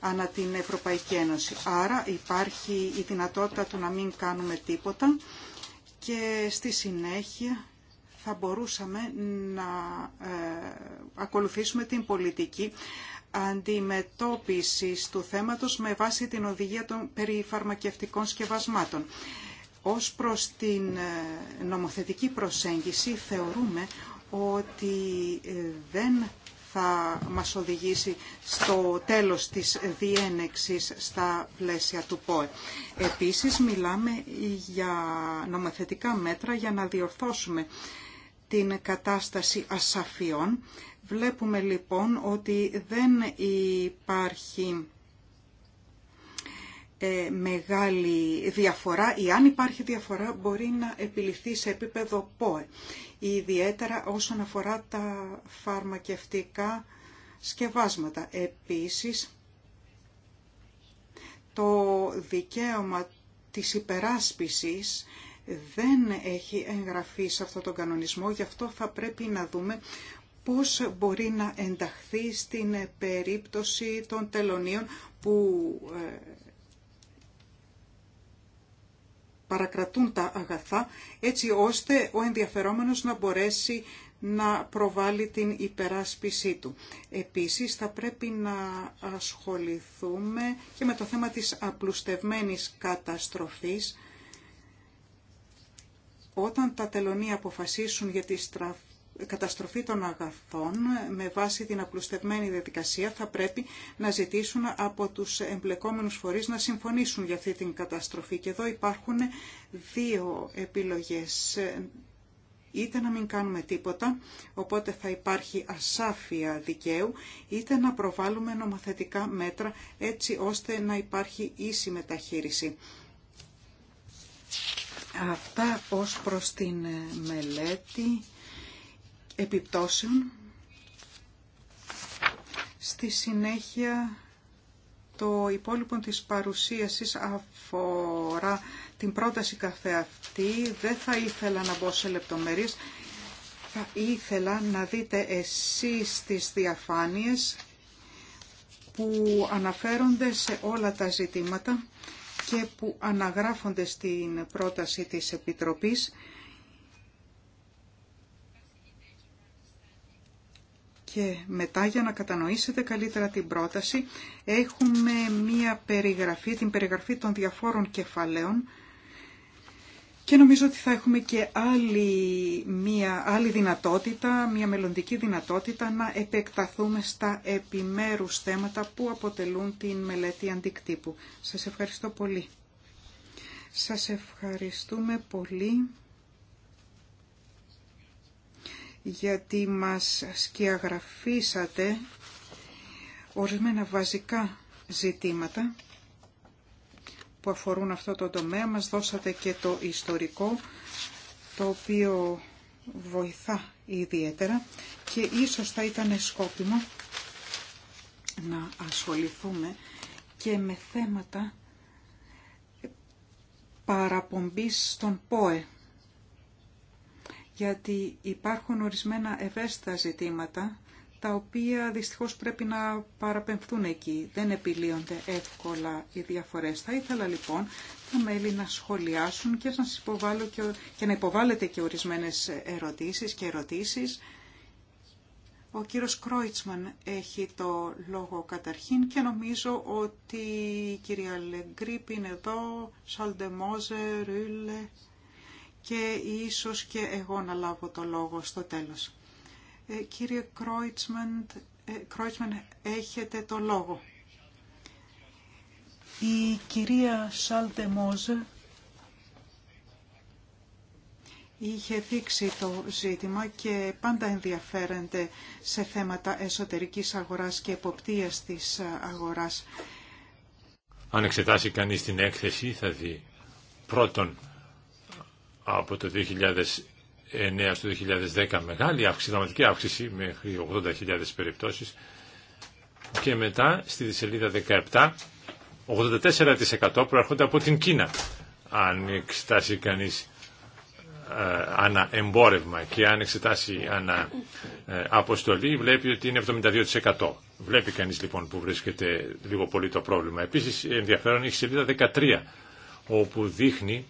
ανά την Ευρωπαϊκή Ένωση. Άρα υπάρχει η δυνατότητα του να μην κάνουμε τίποτα και στη συνέχεια θα μπορούσαμε να ε, ακολουθήσουμε την πολιτική αντιμετώπισης του θέματος με βάση την οδηγία των περιφαρμακευτικών σκευασμάτων. Ως προς την ε, νομοθετική προσέγγιση θεωρούμε ότι ε, δεν θα μας οδηγήσει στο τέλος της διένεξης στα πλαίσια του ΠΟΕ. Επίσης μιλάμε για νομοθετικά μέτρα για να διορθώσουμε την κατάσταση ασαφιών Βλέπουμε λοιπόν ότι δεν υπάρχει ε, μεγάλη διαφορά ή αν υπάρχει διαφορά μπορεί να επιληφθεί σε επίπεδο ΠΟΕ, ιδιαίτερα όσον αφορά τα φαρμακευτικά σκευάσματα. Επίσης, το δικαίωμα της υπεράσπισης δεν έχει εγγραφεί σε αυτόν τον κανονισμό, γι' αυτό θα πρέπει να δούμε πώς μπορεί να ενταχθεί στην περίπτωση των τελωνίων που ε, παρακρατούν τα αγαθά έτσι ώστε ο ενδιαφερόμενος να μπορέσει να προβάλλει την υπεράσπισή του. Επίσης θα πρέπει να ασχοληθούμε και με το θέμα της απλουστευμένης καταστροφής όταν τα τελωνία αποφασίσουν για τη στραφή καταστροφή των αγαθών με βάση την απλουστευμένη διαδικασία θα πρέπει να ζητήσουν από τους εμπλεκόμενους φορείς να συμφωνήσουν για αυτή την καταστροφή. Και εδώ υπάρχουν δύο επιλογές. Είτε να μην κάνουμε τίποτα, οπότε θα υπάρχει ασάφεια δικαίου, είτε να προβάλλουμε νομοθετικά μέτρα έτσι ώστε να υπάρχει ίση μεταχείριση. Αυτά ως προς την μελέτη επιπτώσεων. Στη συνέχεια το υπόλοιπο της παρουσίασης αφορά την πρόταση αυτή. Δεν θα ήθελα να μπω σε λεπτομέρειες. Θα ήθελα να δείτε εσείς τις διαφάνειες που αναφέρονται σε όλα τα ζητήματα και που αναγράφονται στην πρόταση της Επιτροπής Και μετά για να κατανοήσετε καλύτερα την πρόταση έχουμε μία περιγραφή, την περιγραφή των διαφόρων κεφαλαίων και νομίζω ότι θα έχουμε και άλλη, μία, άλλη δυνατότητα, μία μελλοντική δυνατότητα να επεκταθούμε στα επιμέρους θέματα που αποτελούν την μελέτη αντικτύπου. Σας ευχαριστώ πολύ. Σας ευχαριστούμε πολύ γιατί μας σκιαγραφίσατε ορισμένα βασικά ζητήματα που αφορούν αυτό το τομέα. Μας δώσατε και το ιστορικό, το οποίο βοηθά ιδιαίτερα και ίσως θα ήταν σκόπιμο να ασχοληθούμε και με θέματα παραπομπής στον ΠΟΕ γιατί υπάρχουν ορισμένα ευαίσθητα ζητήματα τα οποία δυστυχώς πρέπει να παραπεμφθούν εκεί. Δεν επιλύονται εύκολα οι διαφορές. Θα ήθελα λοιπόν τα μέλη να σχολιάσουν και να, υποβάλω και, και να υποβάλλετε και ορισμένες ερωτήσεις και ερωτήσεις. Ο κύριος Κρόιτσμαν έχει το λόγο καταρχήν και νομίζω ότι η κυρία Λεγκρίπ είναι εδώ, σαλτεμόζε, Ρούλε και ίσως και εγώ να λάβω το λόγο στο τέλος. Ε, κύριε Κρόιτσμαν, ε, έχετε το λόγο. Η κυρία Σάλτε Μόζε είχε δείξει το ζήτημα και πάντα ενδιαφέρεται σε θέματα εσωτερικής αγοράς και εποπτείας της αγοράς. Αν εξετάσει κανείς την έκθεση θα δει πρώτον από το 2009 στο 2010 μεγάλη αύξηση, δραματική αύξηση μέχρι 80.000 περιπτώσεις και μετά στη σελίδα 17 84% προέρχονται από την Κίνα αν εξετάσει κανείς ε, ανα εμπόρευμα και αν εξετάσει ανα ε, αποστολή βλέπει ότι είναι 72%. Βλέπει κανείς λοιπόν που βρίσκεται λίγο πολύ το πρόβλημα. Επίσης ενδιαφέρον έχει σελίδα 13 όπου δείχνει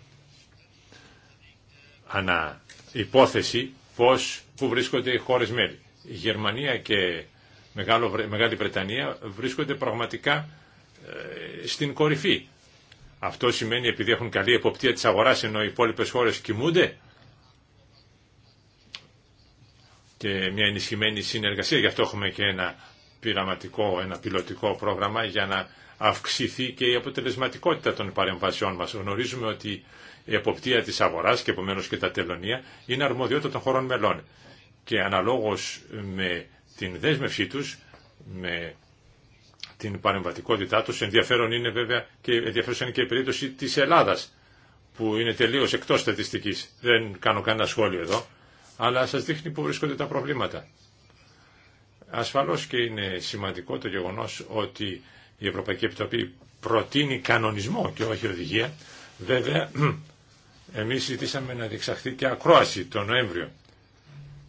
υπόθεση πώς, που βρίσκονται οι χώρες μέλη. Η Γερμανία και Μεγάλο, Μεγάλη Βρετανία βρίσκονται πραγματικά ε, στην κορυφή. Αυτό σημαίνει επειδή έχουν καλή εποπτεία της αγοράς ενώ οι υπόλοιπε χώρες κοιμούνται και μια ενισχυμένη συνεργασία. Γι' αυτό έχουμε και ένα πειραματικό, ένα πιλωτικό πρόγραμμα για να αυξηθεί και η αποτελεσματικότητα των παρεμβασιών μας. Γνωρίζουμε ότι η εποπτεία της αγοράς και επομένως και τα τελωνία είναι αρμοδιότητα των χωρών μελών. Και αναλόγως με την δέσμευσή τους, με την παρεμβατικότητά τους, ενδιαφέρον είναι βέβαια και, ενδιαφέρον είναι και η περίπτωση της Ελλάδας, που είναι τελείως εκτός στατιστικής. Δεν κάνω κανένα σχόλιο εδώ, αλλά σας δείχνει που βρίσκονται τα προβλήματα. Ασφαλώς και είναι σημαντικό το γεγονός ότι η Ευρωπαϊκή Επιτροπή προτείνει κανονισμό και όχι οδηγία. Βέβαια, Εμείς ζητήσαμε να διεξαχθεί και ακρόαση το Νοέμβριο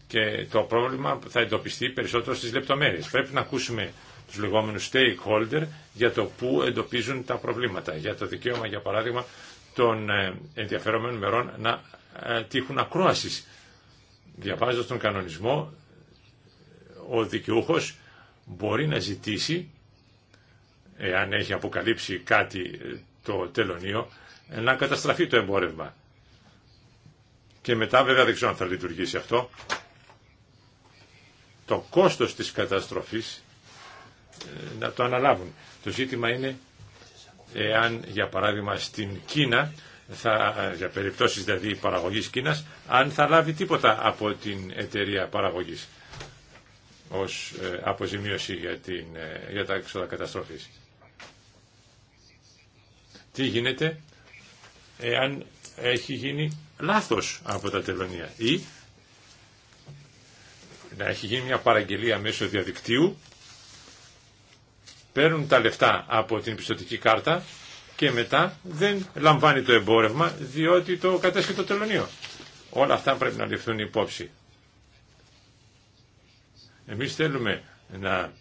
και το πρόβλημα θα εντοπιστεί περισσότερο στις λεπτομέρειες. Πρέπει να ακούσουμε τους λεγόμενους stakeholder για το πού εντοπίζουν τα προβλήματα, για το δικαίωμα, για παράδειγμα, των ε, ενδιαφερόμενων μερών να ε, τύχουν ακρόασης. Διαβάζοντας τον κανονισμό, ο δικαιούχος μπορεί να ζητήσει, εάν έχει αποκαλύψει κάτι ε, το τελωνίο, να καταστραφεί το εμπόρευμα και μετά βέβαια δεν ξέρω αν θα λειτουργήσει αυτό. Το κόστος της καταστροφής ε, να το αναλάβουν. Το ζήτημα είναι εάν για παράδειγμα στην Κίνα, θα, ε, για περιπτώσεις δηλαδή παραγωγής Κίνας, αν θα λάβει τίποτα από την εταιρεία παραγωγής ως ε, αποζημίωση για, την, για τα έξοδα καταστροφής. Τι γίνεται εάν έχει γίνει λάθος από τα τελωνία ή να έχει γίνει μια παραγγελία μέσω διαδικτύου, παίρνουν τα λεφτά από την πιστοτική κάρτα και μετά δεν λαμβάνει το εμπόρευμα διότι το κατέσχει το τελωνίο. Όλα αυτά πρέπει να ληφθούν υπόψη. Εμείς θέλουμε να,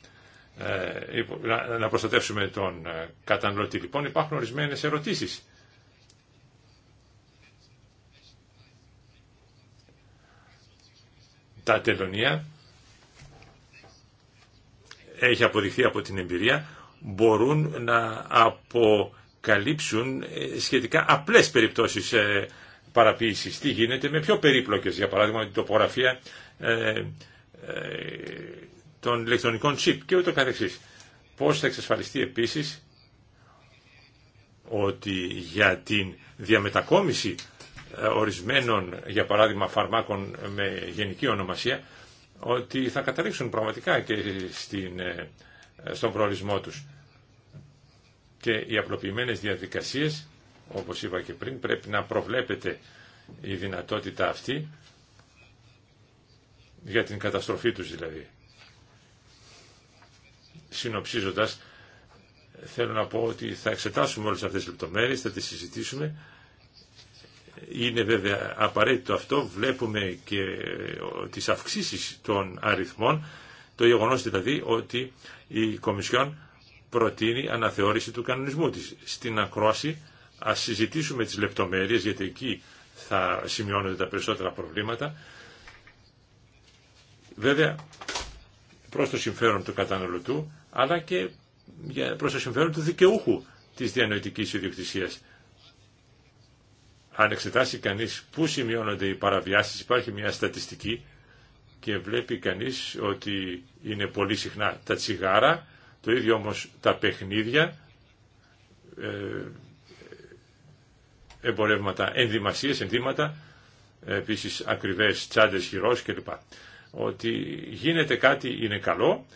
ε, προστατεύσουμε τον ε, καταναλωτή. Λοιπόν υπάρχουν ορισμένες ερωτήσεις. Τα τελωνία έχει αποδειχθεί από την εμπειρία μπορούν να αποκαλύψουν ε, σχετικά απλές περιπτώσεις ε, παραποίησης. Τι γίνεται με πιο περίπλοκες, για παράδειγμα την τοπογραφία ε, των ηλεκτρονικών chip και ούτω καθεξής. Πώς θα εξασφαλιστεί επίσης ότι για την διαμετακόμιση ε, ορισμένων, για παράδειγμα, φαρμάκων με γενική ονομασία, ότι θα καταλήξουν πραγματικά και στην, ε, στον προορισμό τους. Και οι απλοποιημένες διαδικασίες, όπως είπα και πριν, πρέπει να προβλέπεται η δυνατότητα αυτή, για την καταστροφή τους δηλαδή. Συνοψίζοντας, θέλω να πω ότι θα εξετάσουμε όλες αυτές τις λεπτομέρειες, θα τις συζητήσουμε είναι βέβαια απαραίτητο αυτό, βλέπουμε και ε, τις αυξήσεις των αριθμών, το γεγονός δηλαδή ότι η Κομισιόν προτείνει αναθεώρηση του κανονισμού της. Στην ακρόαση ας συζητήσουμε τις λεπτομέρειες, γιατί εκεί θα σημειώνονται τα περισσότερα προβλήματα. Βέβαια, προς το συμφέρον του καταναλωτού, αλλά και προς το συμφέρον του δικαιούχου της διανοητικής ιδιοκτησίας αν εξετάσει κανείς πού σημειώνονται οι παραβιάσεις, υπάρχει μια στατιστική και βλέπει κανείς ότι είναι πολύ συχνά τα τσιγάρα, το ίδιο όμως τα παιχνίδια, ε, εμπορεύματα, ενδυμασίες, ενδύματα, επίσης ακριβές τσάντες χειρός κλπ. Ότι γίνεται κάτι είναι καλό,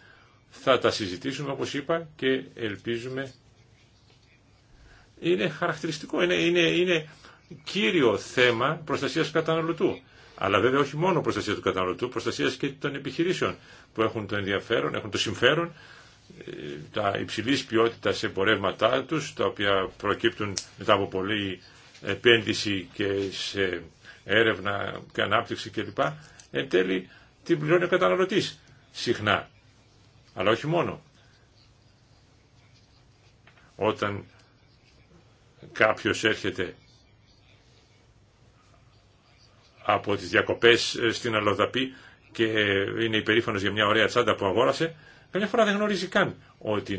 θα τα συζητήσουμε όπως είπα και ελπίζουμε. Είναι χαρακτηριστικό, είναι, είναι, είναι κύριο θέμα προστασίας του καταναλωτού. Αλλά βέβαια όχι μόνο προστασία του καταναλωτού, προστασία και των επιχειρήσεων που έχουν το ενδιαφέρον, έχουν το συμφέρον, ε, τα υψηλής ποιότητας εμπορεύματά τους, τα οποία προκύπτουν μετά από πολλή επένδυση και σε έρευνα και ανάπτυξη κλπ. Εν τέλει την πληρώνει ο καταναλωτής συχνά. Αλλά όχι μόνο. Όταν κάποιος έρχεται από τις διακοπές ε, στην Αλοδαπή και ε, είναι υπερήφανος για μια ωραία τσάντα που αγόρασε, καμιά φορά δεν γνωρίζει καν ότι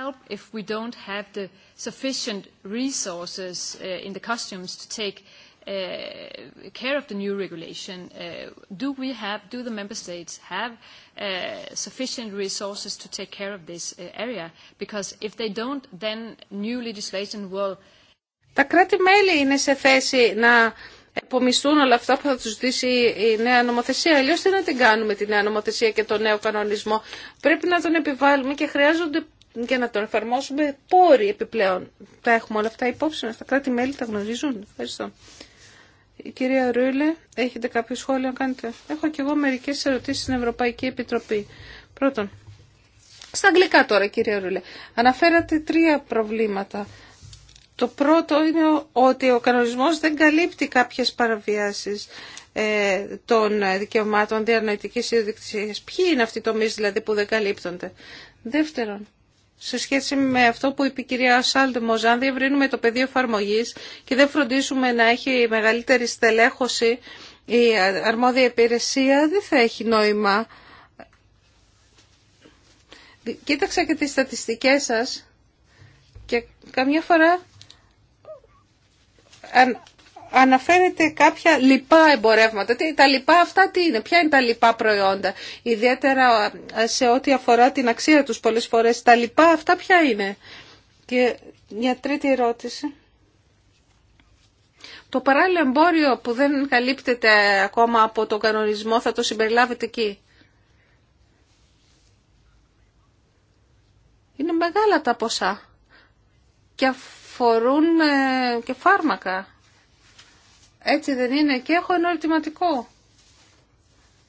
help if we don't have the sufficient resources uh, in the customs to take uh, care of the new regulation. Uh, Do we have, do the member states have uh, sufficient resources to take care of this uh, area? Because if they don't, then new legislation will. Τα κράτη-μέλη είναι σε θέση να επομιστούν όλα αυτά που θα τους δείσει η νέα νομοθεσία. Αλλιώς τι να την κάνουμε τη νέα νομοθεσία και το νέο κανονισμό. Πρέπει να τον επιβάλλουμε και χρειάζονται για να τον εφαρμόσουμε πόροι επιπλέον. Τα έχουμε όλα αυτά υπόψη μας, τα κράτη-μέλη τα γνωρίζουν. Ευχαριστώ. Η κυρία Ρούλε, έχετε κάποιο σχόλιο να κάνετε. Έχω και εγώ μερικέ ερωτήσει στην Ευρωπαϊκή Επιτροπή. Πρώτον, στα αγγλικά τώρα κυρία Ρούλε, αναφέρατε τρία προβλήματα. Το πρώτο είναι ότι ο κανονισμό δεν καλύπτει κάποιες παραβιάσεις ε, των δικαιωμάτων διανοητική ιδιοκτησία. Ποιοι είναι αυτοί οι τομεί δηλαδή που δεν καλύπτονται. Δεύτερον, σε σχέση με αυτό που είπε η κυρία Σάλτεμος, αν διευρύνουμε το πεδίο εφαρμογή και δεν φροντίσουμε να έχει μεγαλύτερη στελέχωση η αρμόδια υπηρεσία, δεν θα έχει νόημα. Κοίταξα και τις στατιστικές σας και καμιά φορά αναφέρεται κάποια λοιπά εμπορεύματα. Τι, τα λοιπά αυτά τι είναι, ποια είναι τα λοιπά προϊόντα. Ιδιαίτερα σε ό,τι αφορά την αξία τους πολλές φορές. Τα λοιπά αυτά ποια είναι. Και μια τρίτη ερώτηση. Το παράλληλο εμπόριο που δεν καλύπτεται ακόμα από τον κανονισμό θα το συμπεριλάβετε εκεί. Είναι μεγάλα τα ποσά και αφορούν ε, και φάρμακα. Έτσι δεν είναι. Και έχω ένα ερωτηματικό.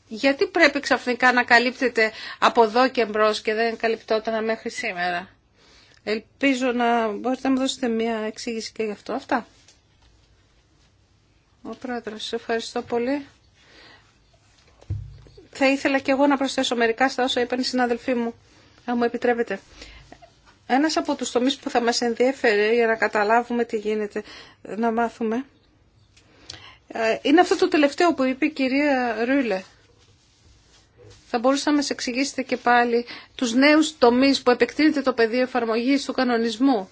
Γιατί πρέπει ξαφνικά να καλύπτεται από εδώ και μπρο και δεν καλυπτόταν μέχρι σήμερα. Ελπίζω να μπορείτε να μου δώσετε μια εξήγηση και γι' αυτό. Αυτά. Ο Πρόεδρος, ευχαριστώ πολύ. Θα ήθελα και εγώ να προσθέσω μερικά στα όσα είπαν οι συνάδελφοί μου, αν μου επιτρέπετε. Ένας από τους τομείς που θα μας ενδιαφέρει για να καταλάβουμε τι γίνεται, να μάθουμε, ε, είναι αυτό το τελευταίο που είπε η κυρία Ρούλε. Θα μπορούσαμε να σε εξηγήσετε και πάλι τους νέους τομείς που επεκτείνεται το πεδίο εφαρμογής του κανονισμού.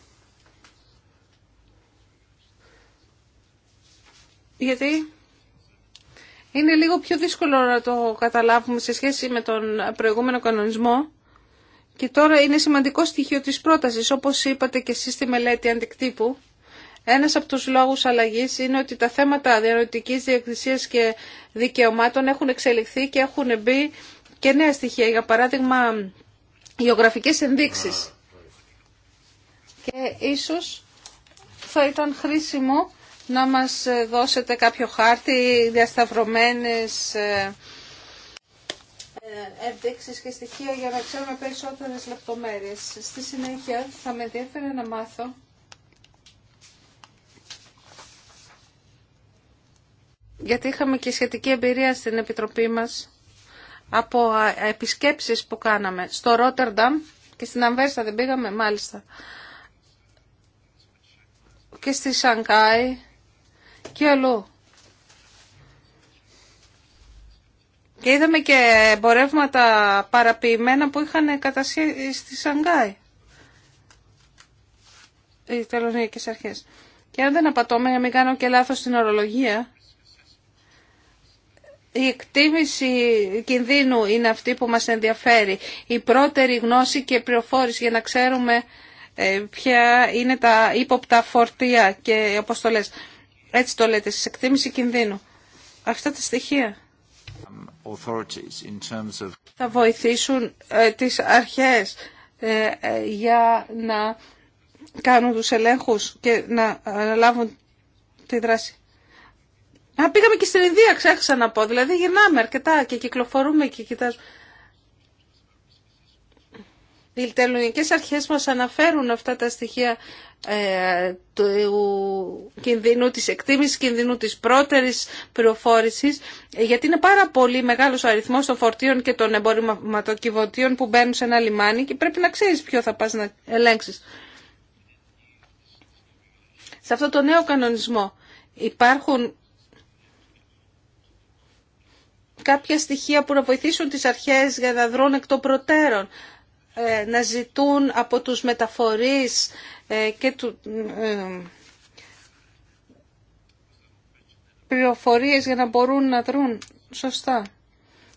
Γιατί είναι λίγο πιο δύσκολο να το καταλάβουμε σε σχέση με τον προηγούμενο κανονισμό. Και τώρα είναι σημαντικό στοιχείο της πρότασης, όπως είπατε και εσείς στη μελέτη αντικτύπου. Ένας από τους λόγους αλλαγής είναι ότι τα θέματα διανοητικής διακρισίας και δικαιωμάτων έχουν εξελιχθεί και έχουν μπει και νέα στοιχεία, για παράδειγμα γεωγραφικές ενδείξεις. Και ίσως θα ήταν χρήσιμο να μας δώσετε κάποιο χάρτη διασταυρωμένες ε, ε, ενδείξεις και στοιχεία για να ξέρουμε περισσότερες λεπτομέρειες. Στη συνέχεια θα με ενδιαφέρει να μάθω γιατί είχαμε και σχετική εμπειρία στην Επιτροπή μας από επισκέψεις που κάναμε στο Ρότερνταμ και στην Αμβέρσα δεν πήγαμε μάλιστα και στη Σανκάη και αλλού. Και είδαμε και εμπορεύματα παραποιημένα που είχαν κατασχέσει στη Σανγκάη. Οι τελωνιακές αρχές. Και αν δεν απατώμε, να μην κάνω και λάθος στην ορολογία, η εκτίμηση κινδύνου είναι αυτή που μας ενδιαφέρει. Η πρώτερη γνώση και πληροφόρηση για να ξέρουμε ε, ποια είναι τα ύποπτα φορτία και αποστολές. Έτσι το λέτε, σε εκτίμηση κινδύνου. Αυτά τα στοιχεία θα βοηθήσουν ε, τις αρχές ε, για να κάνουν τους ελέγχους και να αναλάβουν τη δράση. Α, πήγαμε και στην Ινδία, ξέχασα να πω. Δηλαδή γυρνάμε αρκετά και κυκλοφορούμε και κοιτάζουμε. Οι τελωνικέ αρχές μας αναφέρουν αυτά τα στοιχεία ε, του κινδυνού, της εκτίμησης κινδυνού της πρώτερης πληροφόρηση, γιατί είναι πάρα πολύ μεγάλος ο αριθμός των φορτίων και των εμπορηματοκιβωτίων που μπαίνουν σε ένα λιμάνι και πρέπει να ξέρεις ποιο θα πας να ελέγξεις. Σε αυτό το νέο κανονισμό υπάρχουν κάποια στοιχεία που να βοηθήσουν τις αρχές για να δρουν εκ των προτέρων, ε, να ζητούν από τους μεταφορείς ε, και του, ε, πληροφορίες για να μπορούν να δρουν σωστά.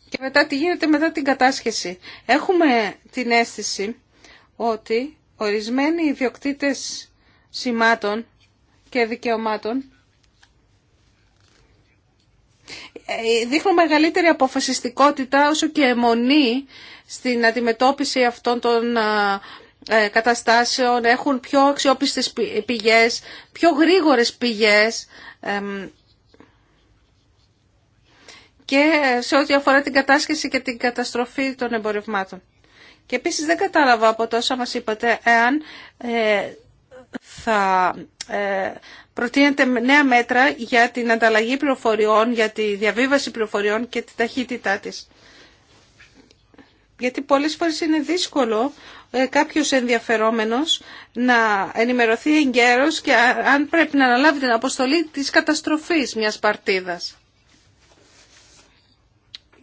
Και μετά τι γίνεται μετά την κατάσχεση. Έχουμε την αίσθηση ότι ορισμένοι ιδιοκτήτες σημάτων και δικαιωμάτων ε, δείχνουν μεγαλύτερη αποφασιστικότητα όσο και αιμονή στην αντιμετώπιση αυτών των ε, καταστάσεων, έχουν πιο αξιόπιστες πηγές, πιο γρήγορες πηγές και σε ό,τι αφορά την κατάσχεση και την καταστροφή των εμπορευμάτων. Και επίσης δεν κατάλαβα από τόσα μας είπατε εάν ε, θα προτείνεται νέα μέτρα για την ανταλλαγή πληροφοριών, για τη διαβίβαση πληροφοριών και τη ταχύτητά της. Γιατί πολλές φορές είναι δύσκολο ε, κάποιος ενδιαφερόμενος να ενημερωθεί εγκαίρως και αν πρέπει να αναλάβει την αποστολή της καταστροφής μιας παρτίδας.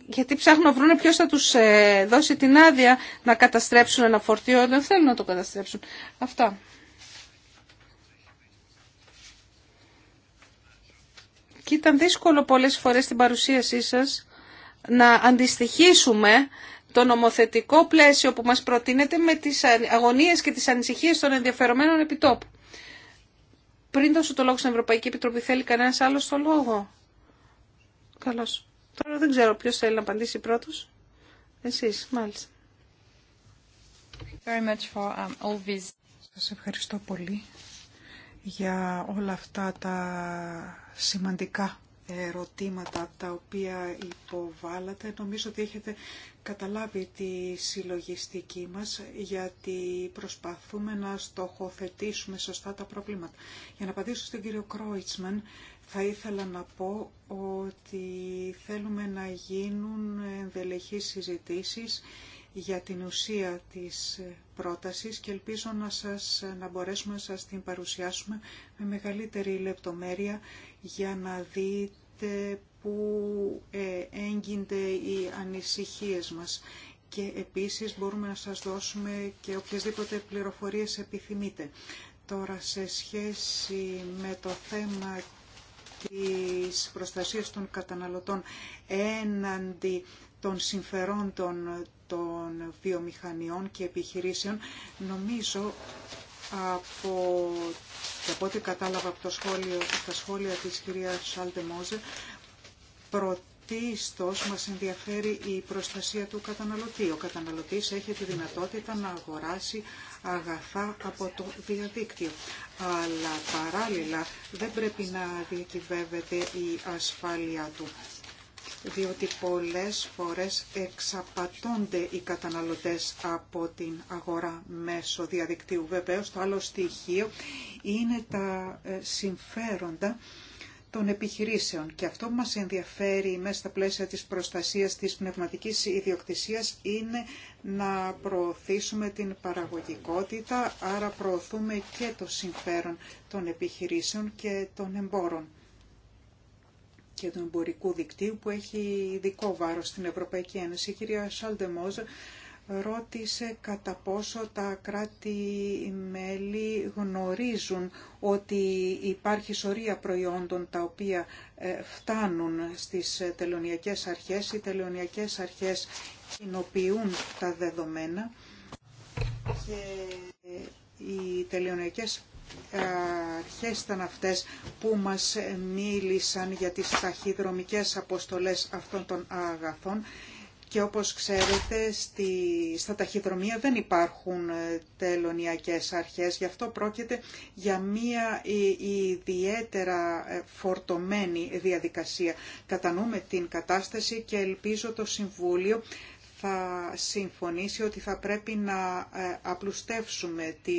Γιατί ψάχνουν να βρουν ποιος θα τους ε, δώσει την άδεια να καταστρέψουν ένα φορτίο, δεν θέλουν να το καταστρέψουν. Αυτά. και ήταν δύσκολο πολλές φορές στην παρουσίασή σας να αντιστοιχίσουμε το νομοθετικό πλαίσιο που μας προτείνεται με τις αγωνίες και τις ανησυχίες των ενδιαφερομένων επιτόπου. Πριν δώσω το λόγο στην Ευρωπαϊκή Επιτροπή, θέλει κανένα άλλο το λόγο. Καλώ. Τώρα δεν ξέρω ποιο θέλει να απαντήσει πρώτο. Εσείς, μάλιστα. Very um, ευχαριστώ πολύ για όλα αυτά τα σημαντικά ερωτήματα τα οποία υποβάλλατε. Νομίζω ότι έχετε καταλάβει τη συλλογιστική μας γιατί προσπαθούμε να στοχοθετήσουμε σωστά τα προβλήματα. Για να απαντήσω στον κύριο Κρόιτσμαν θα ήθελα να πω ότι θέλουμε να γίνουν ενδελεχείς συζητήσεις για την ουσία της πρότασης και ελπίζω να, σας, να μπορέσουμε να σας την παρουσιάσουμε με μεγαλύτερη λεπτομέρεια για να δείτε πού ε, έγκυνται οι ανησυχίες μας. Και επίσης μπορούμε να σας δώσουμε και οποιασδήποτε πληροφορίες επιθυμείτε. Τώρα σε σχέση με το θέμα της προστασίας των καταναλωτών έναντι των συμφερόντων των βιομηχανιών και επιχειρήσεων, νομίζω από, από ό,τι κατάλαβα από το σχόλιο, τα σχόλια της κυρία Σάλτε Μόζε, πρωτίστως μας ενδιαφέρει η προστασία του καταναλωτή. Ο καταναλωτής έχει τη δυνατότητα να αγοράσει αγαθά από το διαδίκτυο. Αλλά παράλληλα δεν πρέπει να διακυβεύεται η ασφάλεια του διότι πολλές φορές εξαπατώνται οι καταναλωτές από την αγορά μέσω διαδικτύου. Βεβαίως, το άλλο στοιχείο είναι τα ε, συμφέροντα των επιχειρήσεων και αυτό που μας ενδιαφέρει μέσα στα πλαίσια της προστασίας της πνευματικής ιδιοκτησίας είναι να προωθήσουμε την παραγωγικότητα, άρα προωθούμε και το συμφέρον των επιχειρήσεων και των εμπόρων και του εμπορικού δικτύου που έχει ειδικό βάρος στην Ευρωπαϊκή Ένωση. Η κυρία Σαλτεμόζ ρώτησε κατά πόσο τα κράτη-μέλη γνωρίζουν ότι υπάρχει σωρία προϊόντων τα οποία ε, φτάνουν στις ε, τελωνιακές αρχές. Οι τελωνιακές αρχές κοινοποιούν τα δεδομένα και ε, οι τελειωνιακές ε, αρχές ήταν αυτές που μας μίλησαν για τις ταχυδρομικές αποστολές αυτών των αγαθών και όπως ξέρετε στη, στα ταχυδρομεία δεν υπάρχουν ε, τελωνιακές αρχές, γι' αυτό πρόκειται για μία ε, ιδιαίτερα φορτωμένη διαδικασία. Κατανοούμε την κατάσταση και ελπίζω το Συμβούλιο θα συμφωνήσει ότι θα πρέπει να απλουστεύσουμε τη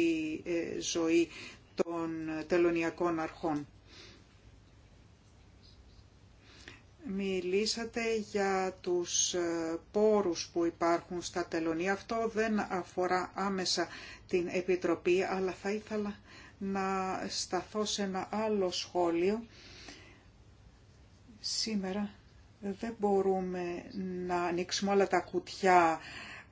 ζωή των τελωνιακών αρχών. Μιλήσατε για τους ε, πόρους που υπάρχουν στα τελωνία. Αυτό δεν αφορά άμεσα την Επιτροπή, αλλά θα ήθελα να σταθώ σε ένα άλλο σχόλιο. Σήμερα δεν μπορούμε να ανοίξουμε όλα τα κουτιά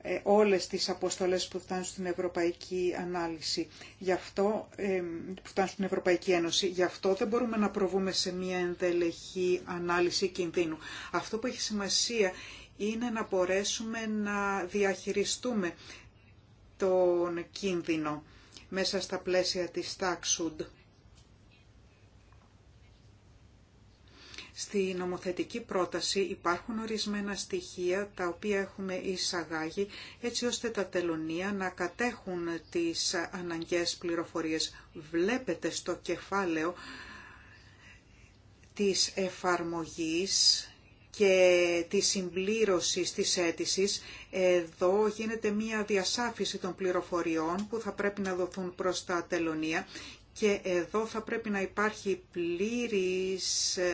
ε, όλες τις αποστολές που φτάνουν στην Ευρωπαϊκή Ανάλυση, γι αυτό, ε, που φτάνουν στην Ευρωπαϊκή Ένωση. Γι' αυτό δεν μπορούμε να προβούμε σε μια ενδελεχή ανάλυση κινδύνου. Αυτό που έχει σημασία είναι να μπορέσουμε να διαχειριστούμε τον κίνδυνο μέσα στα πλαίσια της TAXUD. Στη νομοθετική πρόταση υπάρχουν ορισμένα στοιχεία τα οποία έχουμε εισαγάγει έτσι ώστε τα τελωνία να κατέχουν τις αναγκαίες πληροφορίες. Βλέπετε στο κεφάλαιο της εφαρμογής και της συμπλήρωση της αίτηση, εδώ γίνεται μία διασάφιση των πληροφοριών που θα πρέπει να δοθούν προς τα τελωνία και εδώ θα πρέπει να υπάρχει πλήρης